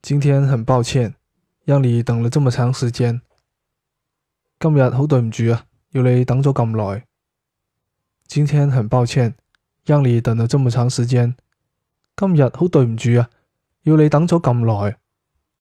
今天很抱歉，讓你等了這麼長時間。今日好對唔住啊，要你等咗咁耐。今天很抱歉，讓你等咗這麼長時間。今日好對唔住啊，要你等咗咁耐。